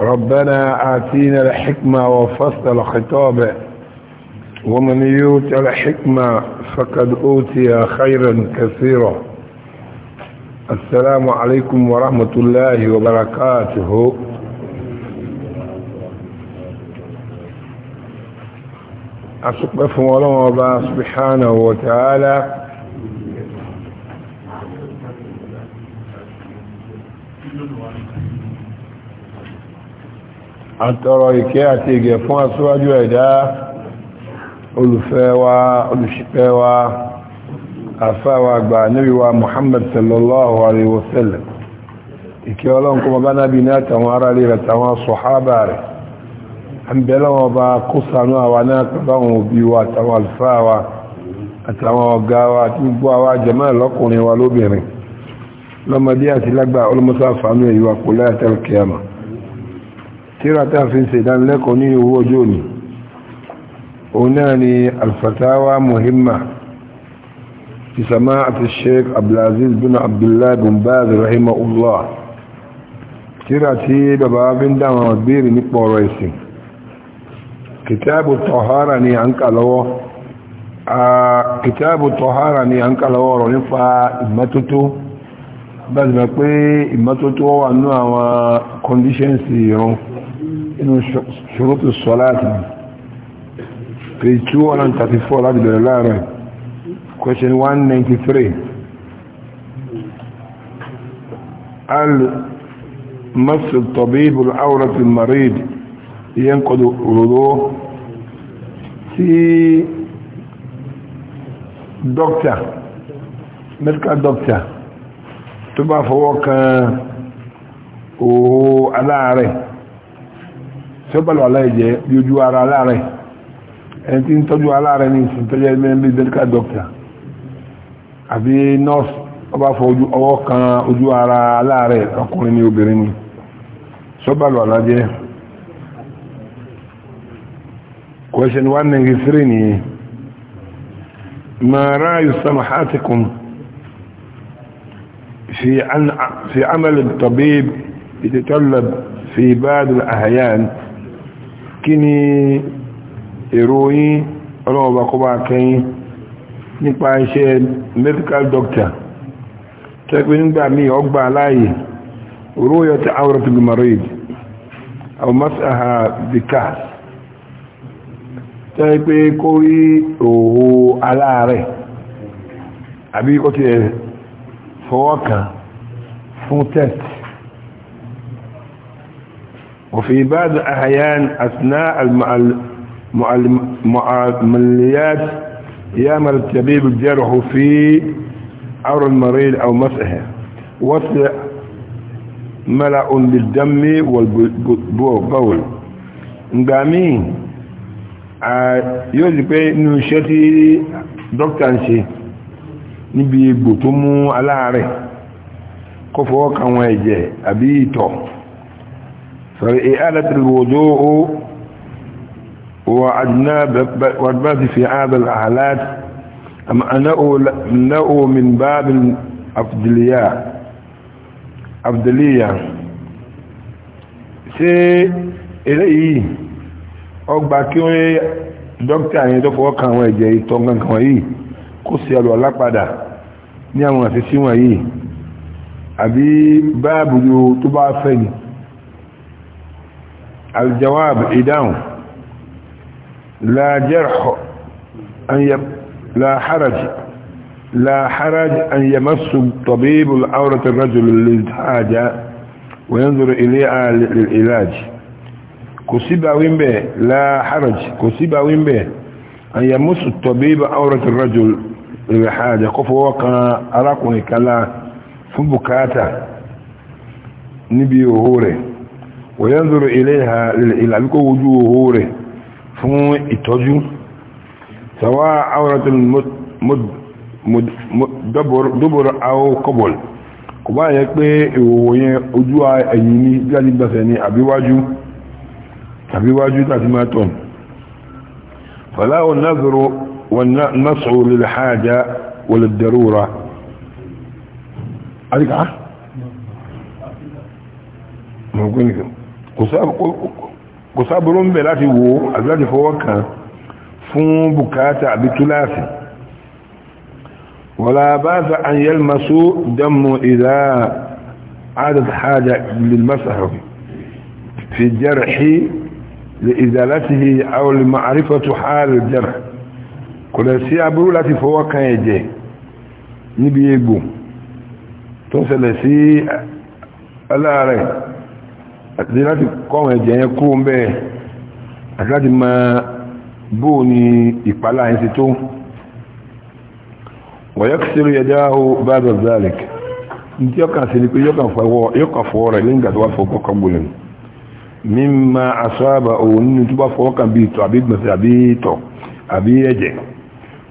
ربنا آتينا الحكمة وفصل الخطاب ومن يوت الحكمة فقد أوتي خيرا كثيرا السلام عليكم ورحمة الله وبركاته أسقف الله سبحانه وتعالى àtọrọ ìkẹ́ àti ìgẹ̀ fún aṣíwájú ẹ̀dá olùfẹ́ wa olùṣìpẹ̀ wa àfáwà àgbà níbi wa Muhammad sallallahu alaihi wasallam ìkẹ́ ọlọ́run kọmọ bá nábi ní àtàwọn ará rí àtàwọn sọ̀hábà rẹ̀ àbẹ̀lọ́wọ́ bá kó sànú àwa náà pẹ̀láwọn wa àtàwọn àlùfáà wa àtàwọn ọ̀gá wa àti gbogbo àwa jẹ́mọ́ wa lóbìnrin lọ́mọdé tíra tá fi ń ṣe ìdánilẹ́kọ̀ọ́ ní owó ọjọ́ òní òun náà ni alfatawa muhimma ti sama àti sheik abdulaziz bin abdullahi bin baz rahimahullah tíra tí bàbá fi ń dáwọn àgbèrè nípa ọ̀rọ̀ ẹ̀sìn kìtàbù tọ̀hárà ni à ń kà lọ́wọ́ a kìtàbù tọ̀hárà ni ọ̀rọ̀ nípa ìmọ́tótó bá ti mọ̀ pé ìmọ́tótó wà nínú àwọn conditions ìrún من شروط الصلاة في 234 لدى الله question 193 هل مصر الطبيب العورة المريض ينقض الوضوح في دكتور ملك الدكتور تبع فوق آه، وعلى عليه tí ó bàlọ̀ aláìjẹ́ bí ojú ara aláàrẹ̀ ẹni tí ń tọ́jú aláàrẹ̀ ní ìsìn tó jẹ́ mẹ́rin bí medical doctor àbí nurse ọba fọ ọwọ́ kan ojú ara aláàrẹ̀ ọkùnrin ni obìnrin ni sọ́bàlọ̀ alájẹ́ question 193 ni ma ráyù samahatikum في عن في عمل الطبيب يتطلب في بعض الأحيان kí ni èrò yín ọlọ́ọ̀bá kọ́ bá kẹ́yìn nípa iṣẹ́ medical doctor tẹ́gbẹ́ nígbà mí ọgbà aláyè orúyọ ti awrat al-marid aw mas'aha tẹ́gbẹ́ kó rí òhò aláàrẹ̀ àbí ó ti fọwọ́ kan fún test وفي بعض الأحيان أثناء المعمليات يعمل الطبيب الجرح في عور المريض أو مسحه وسع ملأ بالدم والبول نقامين yóò di pé inú iṣẹ́ tí dókítà ń ṣe níbi egbò tó mú kó fọwọ́ kan wọn ẹ̀jẹ̀ àbí ìtọ̀ فإعادة الوضوء وأجناب في هذا الحالات أما أنه من باب الأفضلية أفضلية سي إليه أقبع كيوني dókítà yẹn tó fọwọ́ kan àwọn ẹ̀jẹ̀ ìtọ̀ nǹkan yìí kó sí ọlọ́ lápadà ní àwọn àṣẹ́sí wọ̀nyí àbí báàbù tó bá fẹ́ ni الجواب إدام لا جرح أن يب... لا حرج لا حرج أن يمس الطبيب العورة الرجل للحاجة وينظر إليها للعلاج كسيبا وينبه لا حرج كسيبا وينبه أن يمس الطبيب عورة الرجل للحاجة قفوا وقا أراكم كلا فبكاتا نبي وهوره وينظر إليها للعلم وجوهه فهو اتجو سواء عورة المدبر دبر أو قبل kò bá yẹ pé ìwòwò yẹn ojú ẹ̀yìn ní jánígbàsẹ̀ ní àbíwájú àbíwájú tàbí mátọ̀n fàláwọn náàzọrọ wọn náàsọ̀rọ̀ lè hajjá wọlé kò sáàbùrú ń bẹ̀ láti wo àti láti fọwọ́ kan fún bukata àbí túláàsì wọ́la bá sa an yẹ́ masu dánmù ìdá adad hajjá lilmasahabi fi jarhi لإزالته أو لمعرفة حال الجرح kò lè sí aburú láti fọwọ́ kan ẹ̀jẹ̀ níbi egbò tó ń sí aláàrẹ̀ àti láti kọ́wọ̀n ẹ̀jẹ̀ yẹn kó ń bẹ́ẹ̀ àti láti ma bóò ní ìpàlá yẹn ti tó wọ̀yọ́kìsírí ẹ̀dá o bábẹ̀ zalik ní tí ọkà sí ni pé yọ́kà fọwọ́ rẹ̀ lẹ́yìn gàtọ́wà fọwọ́ kan gbòlẹ̀ mímá asáàbà òun nínú tó bá fọwọ́ kan bí ìtọ̀ àbí gbọ̀nsẹ̀ àbí ìtọ̀ àbí ẹ̀jẹ̀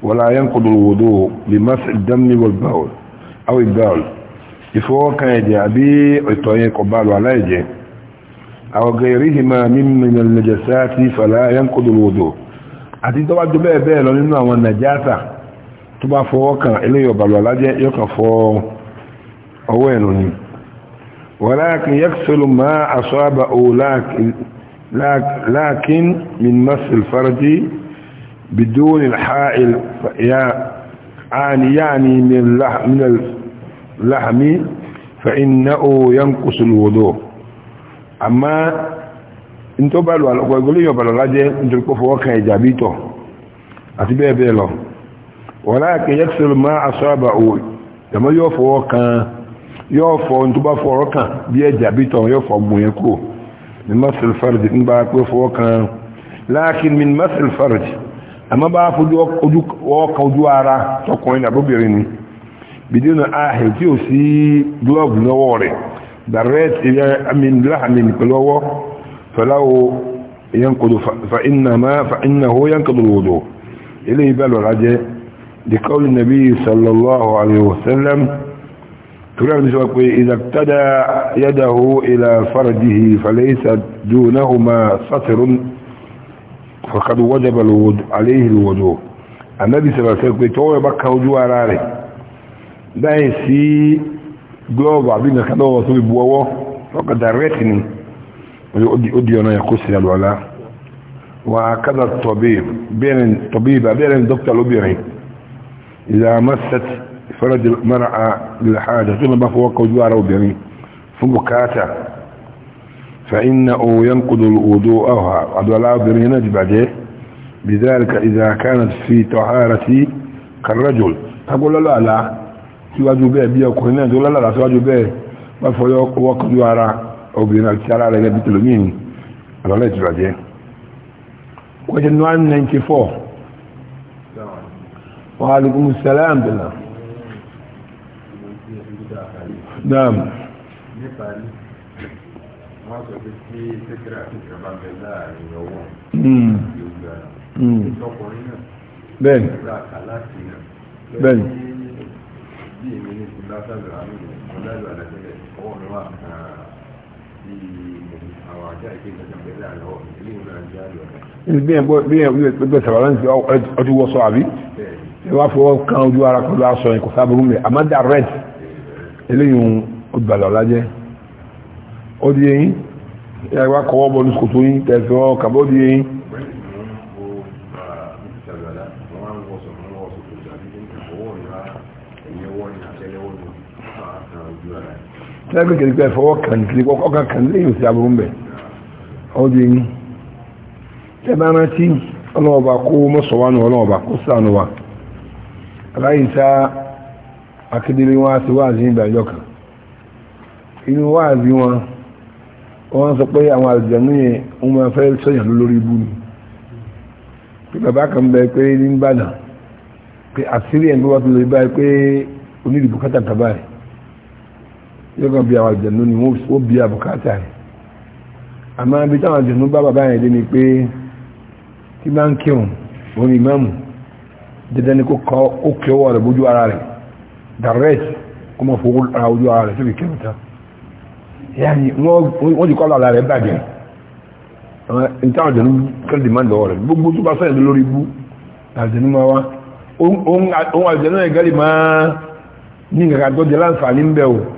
wọ́lá ayé ń kọdọ̀ wòdó lè má sí dámì wọ́l ìfọwọ́ kan ẹ̀jẹ̀ àbí ìtọ̀ yẹn kọ̀ bá lọ aláìjẹ́ أو غيرهما من من النجاسات فلا ينقض الوضوء àti tó bá jù bẹ́ẹ̀ bẹ́ẹ̀ lọ nínú àwọn nàjásà tó bá fọwọ́ kan ilé kàn fọ ọwọ́ ẹ̀nù ni ولكن يغسل ما أصابه لكن من مس الفرج بدون الحائل يعني يعني من اللحم فإنه ينقص الوضوء àmá nítorí bá lò àlọ́pọ̀ ìgbóléyìn ọ̀bàlọ̀ lájẹ́ nítorí kan ẹ̀jà bí tọ̀ àti bẹ́ẹ̀ bẹ́ẹ̀ lọ wọ́n ma yẹ́ o máa aṣọ àbà òwò kan yóò fọ nítorí bá fọwọ́ kan bí ẹ̀jà bí tọ̀ fọ gbùn yẹn kúrò ní masil farj ń bá pé fọwọ́ kan láàkín min masil farj àmọ́ bá fojú ojú ara tọkùnrin àbóbìnrin ni bìdínà ahẹ̀ tí ò sí glove lọ́wọ́ rẹ̀ دريت إلى من لحم كلوه فلو ينقض فإنما فإنه ينقض الوضوء إليه بال العجاء لقول النبي صلى الله عليه وسلم إذا ابتدى يده إلى فرجه فليس دونهما سطر فقد وجب عليه الوضوء النبي صلى الله عليه وسلم توي بكا وجوه راري لا يسي glove àbí nǹkan lọ́wọ́ tó fi bu ọwọ́ lọ́kàn direct ni ó di ọ̀nà ẹ̀kọ́ sí àlọ́lá wà á kádà tọ̀bí ìbá bẹ́ẹ̀rẹ̀ ní dókítà lóbìnrin ìlà masset ìfẹ́rẹ́dì mara a lèhàdà tó bá fọwọ́ kọjú ara obìnrin fún bukata fa'ina oyan kudul odo aha adọ́lá obìnrin yana dìbàjẹ́ bí zárika ìzà kánà fi tọ̀hárati kan rajul tagulọ́lọ́ síwájú bẹ́ẹ̀ bí ọkùnrin náà tó lálàrà síwájú bẹ́ẹ̀ bá fọyọ́ ọwọ́ kọjú ara obìnrin àti ara rẹ̀ gẹ́gẹ́ tẹ̀lómìn àlọ́lẹ̀ ìtìbàjẹ́ question 194 wa alaikum salam bila naam wọ́n sọ pé tí hmm. hmm. tẹ́tẹ́rẹ́ bí èmi ní ti lásàgbà àmì ọ̀dájọ́ àdájọ́lẹ̀ ọwọ́ mi wà bí àwọn àjá ìpínlẹ̀ ọjọ́ pẹ̀lú àlọ́ ilé ìwé àjá àlọ́. bí ẹ̀ bí ẹ̀ gbẹ̀gbẹ̀ sàbàlá ní ọdún wọ́sọ àbí ẹ wá fọwọ́ kan ojú ara pẹ̀lú aṣọ ẹ̀kọ́ sábúrú mi àmàdà red eléyìí ọgbàlọ̀ lájẹ́ ó di eyín ẹ wá kọwọ́ bọ́ọ̀lù sòtò yín tẹ̀sán kàbọ́ di sẹ́gbẹ̀ kìí pẹ́ fọwọ́ kàn kìí pọ́ ọkàn kàn lẹ́yìn òsì àbúrú mẹ́ ọdún yìí tẹ́bára tí ọlọ́ọ̀bà kó mọ́sọ̀wánù ọlọ́ọ̀bà kó sànù wa aláìsá akédèrè wọn àti wáàzí ìgbà ìjọ kan inú wáàzí wọn wọ́n sọ pé àwọn àjẹ̀nú yẹn wọ́n máa fẹ́ sọ́yàn lórí ibú ni pé bàbá kan bẹ pé ní gbàdàn pé àṣírí ẹ̀ ń bí wọ́n ti lè báyìí pé onídìbò kátàkà báyìí yóò kàn bí àwọn àjẹ̀nú ni wọ́n bí àbùkátà rẹ̀ àmọ́ ibi táwọn àjẹ̀nú bá bàbá yẹn dé ni pé tí bá ń kírun òun ìmáàmù dandan ni kó kí ọwọ́ rẹ̀ bójú ara rẹ̀ direct kó mọ̀ fowó ara ojú ara rẹ̀ tó fi kírun tán yáni wọ́n ti kọ́ lọ́la rẹ̀ bàjẹ́ ìtàwọn àjẹ̀nú kẹ́lẹ́dì máa ń lọ́wọ́ rẹ̀ gbogbo tó bá sọ̀rọ̀ lórí ibú àjẹ̀nú máa wá òun àjẹ̀nú ẹ̀gẹ́lì máa ní nǹkan láǹfààní ń bẹ̀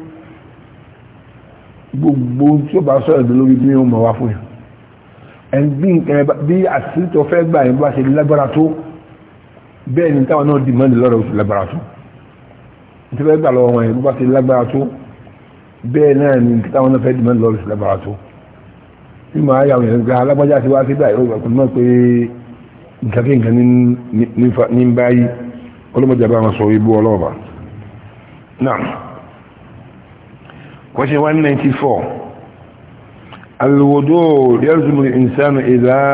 gbogbo tí ó bá sọ̀rọ̀ ìdó lórí bí ó mọ̀ wá fún yàn ẹ̀gbìn bí àṣìṣọ́ fẹ́ gbà yẹn bá ṣe lágbára tó bẹ́ẹ̀ ni táwọn náà dì mọ́ni lọ́rọ̀ oṣù lágbára tó tí fẹ́ gbà lọ́wọ́ wọn yẹn bá ṣe lágbára tó bẹ́ẹ̀ náà ni táwọn náà fẹ́ dì mọ́ni lọ́rọ̀ oṣù lágbára tó bí màá yà wọ̀nyẹn gba alágbájá ti wá sí báyìí ó kò mọ̀ pé nǹkan kí nǹkan ní báyìí ọlọ́mọdé àbá wọn sọ ibú ọlọ́ọ̀bà náà question 194 الوضوء يلزم الإنسان إذا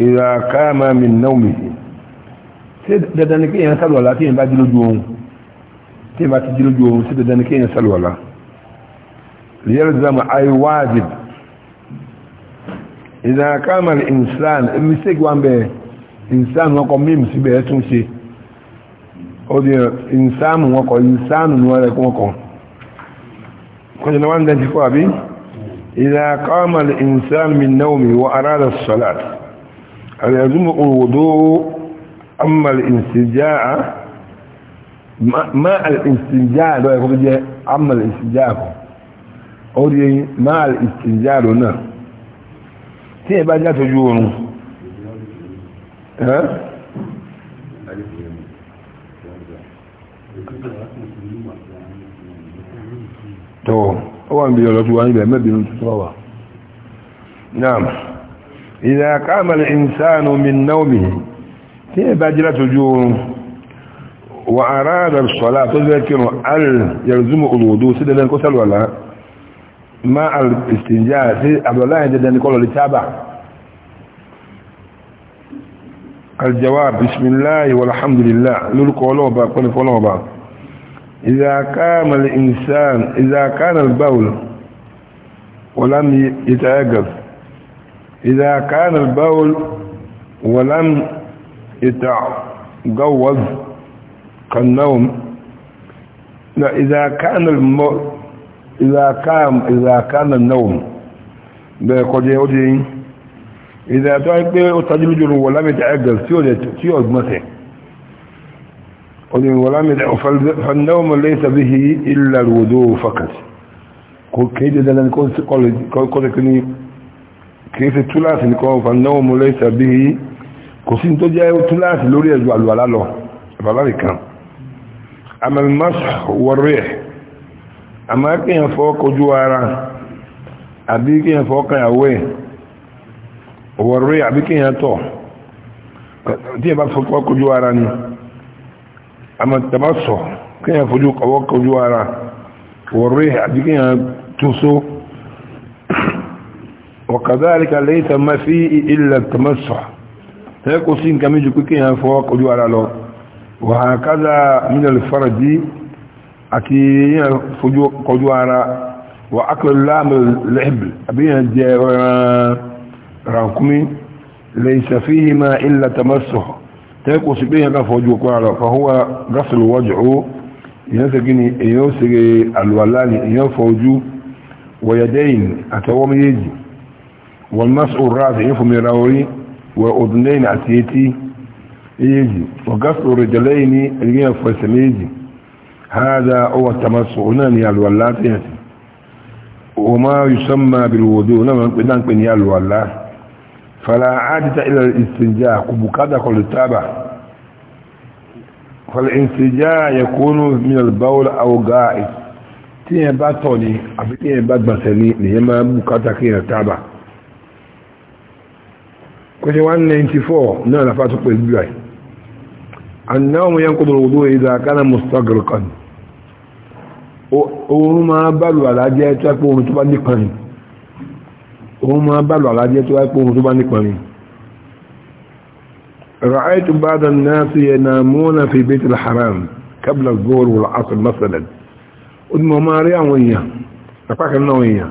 إذا قام من نومه dandan ni kéèyàn sálùwàlá tí èèyàn bá jí lójú oorun tí èèyàn bá ti jí lójú oorun sí dandan ni kéèyàn sálùwàlá yalzama ay wajib idha kama al insan mistake wa ń bẹ insan wọn kọ mímu síbẹ̀ ẹ̀ tún ṣe ó di ìsáàmù wọn kọ̀ ìsáàmù ní wọ́n rẹ̀ kún ọkọ̀ kọjọ na wọ́n dẹ̀ntí fún àbí ìlà kọ́mọ̀lì ìsáàmù min náwmi wọ aráàlá sọ́lát àrẹ̀zúmù òwòdó amàlì ìsìjáà máàlì ìsìjáà lọ́yẹ̀ kọ́ tó jẹ́ amàlì ìsìjáà kọ́ tó ó wà ń bí ọlọ́tí wá níbẹ̀ mẹ́bìnrin tó tọ́wà náà ìdá káàmàlì ìsáànù min náòmì tí ẹ bá jílá tó jú oorun wà ará rẹ̀ sọ́lá tó jẹ́ kírun al yẹrùzúmù olùwòdó sí dandan kó sálwàlá ma al sí abdullá إذا قام الإنسان إذا كان البول ولم يتعقب إذا كان البول ولم يتعقوض كالنوم لا إذا كان الم... كان إذا كان النوم بقد يودي إذا تعقب تجلجل ولم يتعقب سيودة سيود مثل فالنوم ليس به إلا الوضوء فقط كيف دلن كوني كيف الثلاث نكون فالنوم ليس به كسين تجاه الثلاث لوري أجوال ولا له فلا كان أما المسح والريح أما كان فوق جوارا أبي كان فوق يوي والريح أبي كان يطوح دي بقى فوق جوارا اما التمسح كان فجوق اوك وجوارا والريح دي كان توسو وكذلك ليس ما فيه الا التمسح هيكو سين كميجو كان فوق وجوارا لو وهكذا من الفرج اكي فجوق وجوارا واكل اللام الحبل ابينا جاي رانكمي ليس فيهما الا تمسح تيكو سبيه قفوجو قال فهو غسل وجعه ينسكني ينسكي الولاني ينفوجو ويدين أتوام يجي والمسء الرأس يفهم يراوي وأذنين أتيتي يجي وغسل الرجلين ينفوسم يجي هذا هو التمسع ناني الولاتي وما يسمى بالوضوء نعم نعم نعم فلا عادة إلى الاستنجاء كبكادة كالتابة فالانسجاء يكون من البول أو غائب تيه باتوني أبي تيه بات بسني ليما بكادة كالتابة كوشي 194 نالا فاتق البيعي النوم ينقض الوضوء إذا كان مستغرقا أورما بلو على جهة تكون تبني قريب رأيت بعض الناس ينامون في بيت الحرام قبل الظهر والعصر مثلا ودم ماريا ويا رفاك النوية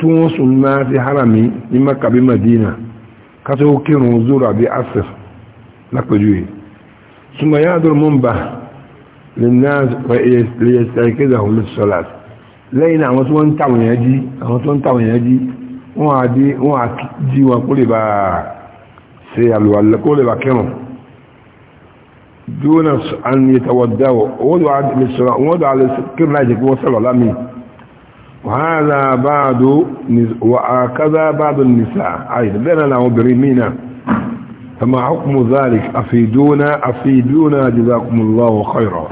توس الناس حرامي مكة بمدينة كتو كنو زورا بأسر نقجوه ثم يادر المنبه للناس ليستيكده للصلاة لينا وسوان تاون يجي وسوان تاون يجي wọ́n á dé wọ́n á jí wọn kó lè bá ṣe àlùwàlẹ̀ kó lè bá kẹrùn dúnà àni ìtawọ̀dá wọ́n dọ̀ alẹ́ kírùn láì jẹ́ kí wọ́n sọ̀rọ̀ lámì wàhálà báàdó wàhákázá báàdó nìsà àìsàn bẹ́ẹ̀ obìnrin mìíràn فما حكم ذلك أفيدونا أفيدونا جزاكم الله خيرا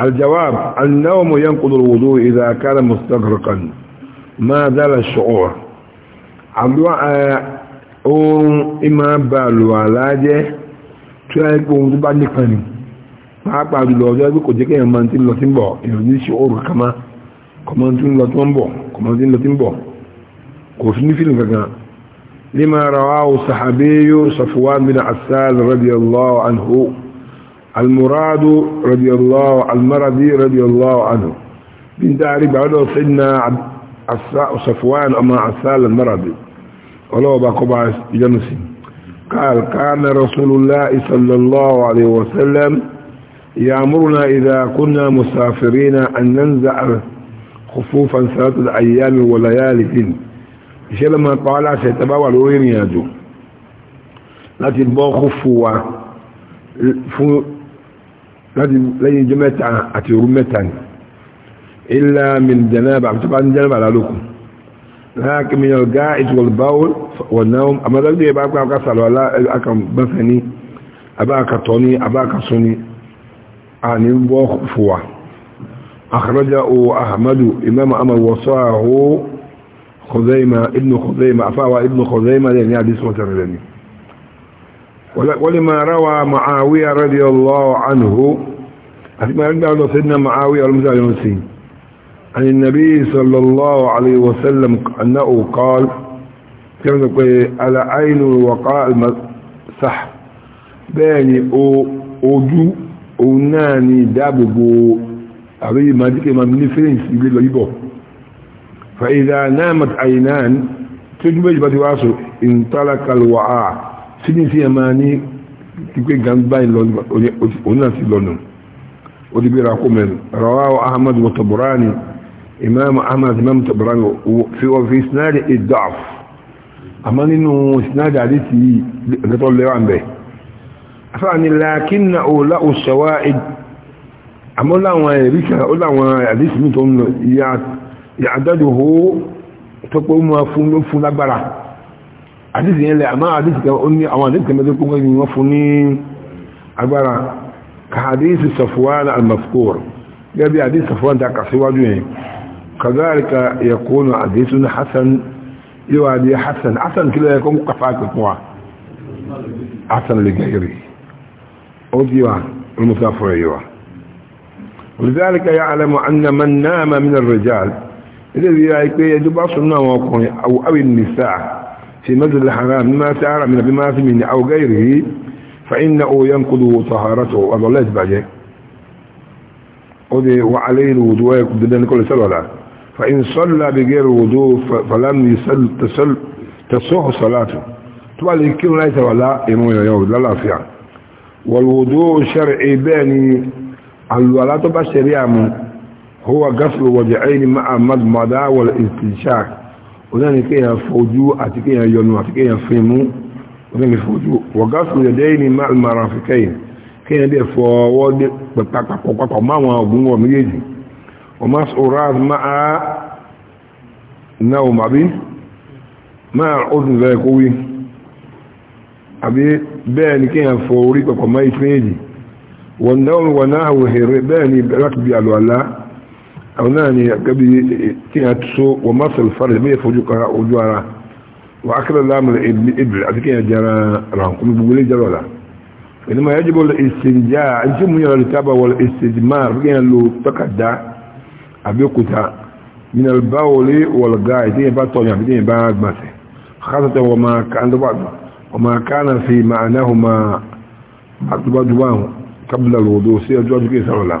الجواب النوم ينقض الوضوء إذا كان مستغرقا ما زال الشعور الدعاء أم إما بالولاجة تلاقون تبعد لكني pàápàá jùlọ ọjọ́ ẹgbẹ́ kò jẹ́ kẹ́yàn máa ti lọ tí ń bọ̀ èèyàn ní ṣe oòrùn kama kọmọ tí ń lọ tí ń bọ̀ kọmọ tí ń lọ tí ń bọ̀ kò sí ní fílù gangan lima rawahu sahabiyu Safwan bin Assal radiyallahu anhu المراد رضي الله المرضي رضي الله عنه بن داري بعده سيدنا صفوان أما عسال المرضي ولو باكو باس جنسي قال كان رسول الله صلى الله عليه وسلم يأمرنا إذا كنا مسافرين أن ننزع خفوفا ثلاثة الأيام وليالي دين iṣẹ́ lọ́mọ pa wá láṣẹ tẹ́ bá wà lórí ìrìn àjò láti lẹ́yìn ijọ́ mẹ́ta àti òru mẹ́ta ni ilá min janaba àti bá ní janaba lálókun láàkí mi yọ̀gá ìtùwọ̀lùbáwò wọ̀nà àmọ́dájú ẹ̀ bá pẹ́ àkà sàlọ̀ alákàbẹ́fẹ́ ní abáàkàtọ́ ní abáàkàsọ́ ní àní bọ́ fòwà àkàrọ́jà o ahamadu imam amar wọ́sọ́ àhó khuzaima ibn khuzaima afáwa ibn khuzaima lẹ́ni àdísọ́ tẹ̀rẹ̀ lẹ́ni ولما روى معاوية رضي الله عنه ما يقول سيدنا معاوية المسائل المسيح عن النبي صلى الله عليه وسلم أنه قال كما تقول على عين الوقاء المسح بين ojú òun دابو أبي ìdáàbòbò àrí ìmájíkẹ́ ma ní fíríǹsì ilé lọ yíbọ̀ fa'ida náà mọ̀tàìnáà tí ó jú tí ní sí ẹ̀ma ní pípé gàmbá ìlọ́nà onílà sí lọ́nà ó ti bí ra kó mẹ́rin rawahu ahmad wa taburani imam ahmad imam taburani fi wọ́n fi sinadi idaf àmọ́ nínú sinadi àdìsí lẹ́tọ́ lẹ́wà ń bẹ̀ afáàní làákínà òòlà òṣèwà àmọ́ láwọn ẹ̀rí kan ó láwọn àdìsí mi tó ń lọ ìyá àdájò hó tó pé ó máa fún lágbára àdìsí yẹn lẹ àmọ́ àdìsí kan ó ní àwọn àdìsí kan mẹ́tẹ́kùn kan yìí wọ́n fún ní agbára ka àdìsí Safwan al-mazkur gẹ́gẹ́ bí àdìsí Safwan ta kà síwájú yẹn kazalika yakunu àdìsí ní hasan yóò àdìsí hasan hasan kí ló yẹ kó ń kàfà pẹ̀pọ̀ wa hasan lè gẹ́gẹ́rì ó di wa olùmùsáfọ́ yìí wa ولذلك يعلم أن من نام من الرجال إذا يجب أن يكون أو أو النساء في مسجد الحرام ما تعالى من بما في منه أو غيره فإنه ينقض طهارته أبو الله يتبعجه وعليه الوضوء بدنا كل سلوة فإن صلى بغير وضوء فلم يسل تسل تصح صلاته تبالي كل ليس ولا إمو يوم لا لا فيها والوضوء الشرعي باني الولاة بشريعه هو غسل وجعين مع مضمضة والاستنشاق ọ̀nà ni kéèyàn fojú àti kéèyàn yọnu àti kéèyàn fi mú ọ̀nà ni fojú wọ̀gáfù yẹ̀dẹ́ ní mara fìkẹ́ yìí kéèyàn dẹ̀ fọwọ́ dé pàpàpọ̀ papọ̀ má wọn ọ̀gùn wọn méjèèjì ọmọ sọ̀rọ̀ máa náà màbí máa ọdún lẹ́yìn kó wí àbí bẹ́ẹ̀ ni kéèyàn fọ àwọn náà ni gabi tí a tó wọ masal fara mẹ́yẹ fojú kara ojú ara wà ákàrà lámàrà ibìrì àti kí a jara rankumi gbogbo ní jara ọ̀la ẹni ma yájú bọ́ọ̀lù ìsìnjá ẹni tí mú yàrá lítàbà wọ́ọ̀lù ìsìnjá kí a lo takada abẹ́kúta min albawli wal gáì tí a bá tọ̀yà àti tí a bá gbàsẹ̀ خاصة وما كان وما كان في معناهما أكبر قبل الوضوء سيجوز كيسر الله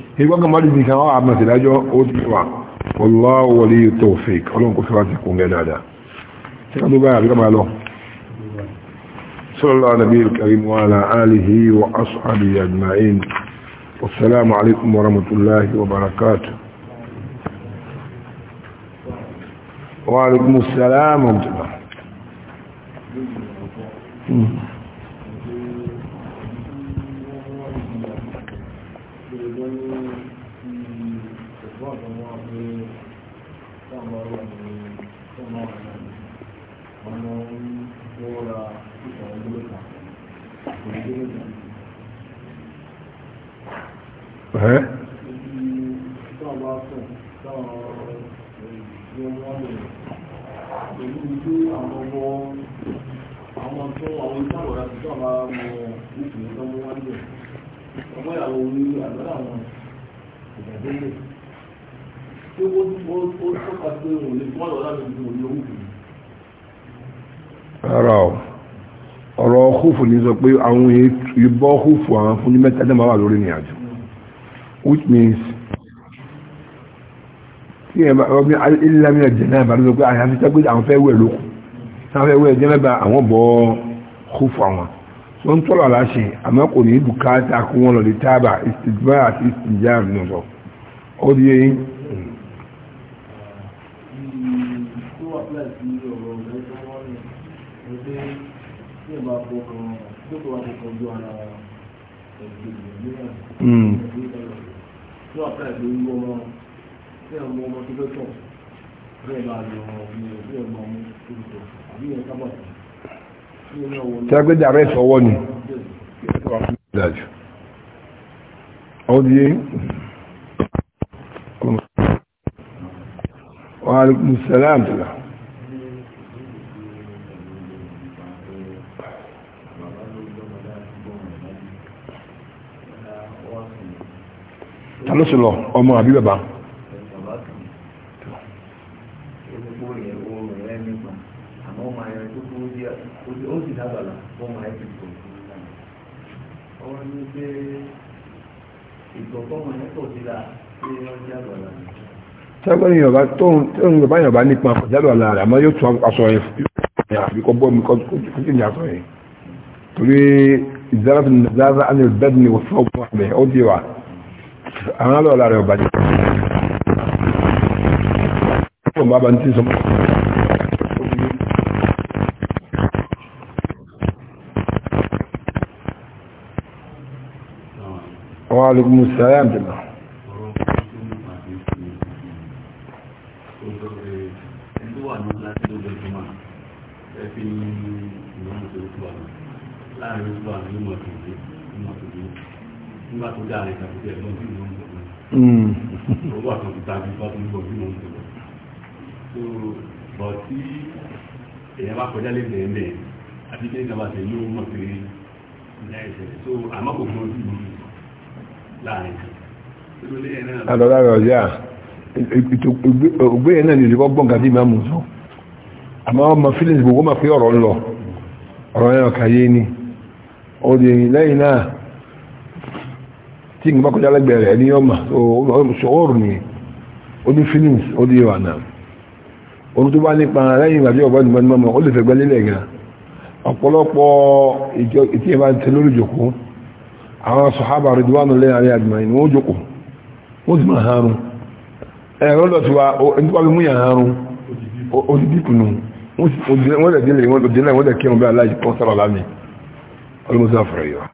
ìgbọ́n kan mọ́lì nìkan wọ́n àmà sí dájọ́ ó ti wà wallahu waliyu tawfiq ọlọ́run kò fẹ́wàá ti kún gẹ́ dáadáa tí wọ́n tó bá àbíkà máa lọ sallallahu nabiyil wa ala wa rahmatullah hmm. ara ọ̀ ọ̀rọ̀ ọkùfù ní sọ pé àwọn ìbọ́ ọkùfù àwọn fún ní mẹ́ta wà lórí ìrìnàjò which means tí ẹ bá rọ́bí ìlàmìnà jẹ̀nà àbájọ́ pé àyàfi tẹ́gbé àwọn fẹ́ wẹ̀ lókù sáwọn fẹ́ wẹ̀ jẹ́mẹ́bà àwọn bọ́ kúfù àwọn wọ́n tọ́lọ̀ aláṣẹ àmọ́ kò ní bùkátà kí wọ́n lọ lè tábà ìsìnkú àti ìsìnjáàrì náà sọ ó di eyín Mm ló àpá ẹ̀ lórí ọmọ bí ẹ̀ ọmọ tó fẹ́ tọ̀ bí bá lọ ọmọ bí ẹ̀ mọ ọmọ tó tọ̀ àbí ẹ̀ sábà tọ̀. tí a gbé dàrẹ́ sọ́wọ́ ni dájú ọdí wa alaikum salam lọ́sọ̀lọ́ ọmọ àbí bàbá tẹ́gbọ́n yìí ọba tó ń gbọ́ báyìí ọba nípa àpọ̀jálù àlà rẹ̀ àmọ́ yóò tún aṣọ rẹ̀ àbíkọ́ bọ́ mi kọ́ sí ní aṣọ rẹ̀ torí ìzára tó ń dára á ní ìbẹ́dùn ní wọ́n fún ọgbọ́n rẹ̀ ó di wà àwọn alọ́ọ̀lá rẹ̀ ọ̀bàjẹ́ ọ̀pọ̀ bàbá ní tí sọ mọ́ wọ́n alùgbùmù sàárẹ̀ àmì tàbí tọ́tún gbogbo ojú mọ̀ ń tẹ̀lé so bọ̀ tí èèyàn bá kọjá lé bẹ̀rẹ̀ bẹ̀rẹ̀ àti kí nígbà tẹ̀ yóò mọ̀ pé ìdáyẹsẹ̀ so àmọ́ kò gbọ́n ojú mọ̀ láàrin Àlọ́lá rẹ̀ ọ̀yá ògbé yẹn náà ní ìdíkọ́ gbọ́n gàdí ìmáàmù sọ. Àmọ́ ọmọ Phillips gbogbo máa pé ọ̀rọ̀ ń lọ. Ọ̀rọ̀ yẹn ọ̀kà yé ni. Ó di lẹ́yìn náà tí nǹkan kọjá lẹ́gbẹ̀ẹ́ rẹ̀ ní ọmọ òórùn nìyẹn ó ní feelings o di wà náà o tó bá nípa lẹ́yìn ìgbàjọ́ ọ̀bá ìgbà mímọ́ o lè fẹ̀gbẹ́ lélẹ̀ gan ọ̀pọ̀lọpọ̀ ìjọ ìtí ẹ̀ bá ń tẹ lórí ìjòkó àwọn sọ̀hábà rìdíwánù lẹ́yìn àríyá àdìmọ̀ ìní wọ́n jòkó wọ́n ti máa harun ẹ̀rọ lọ sí wa ẹni tó bá fi mú o harun ó ti dìpù nù wọ́n lẹ̀ délẹ̀ wọ́n lẹ̀ kírun bí aláìsí pọ́n sábà lámì ọlọ́mọdé àfọ̀rọ̀ yìí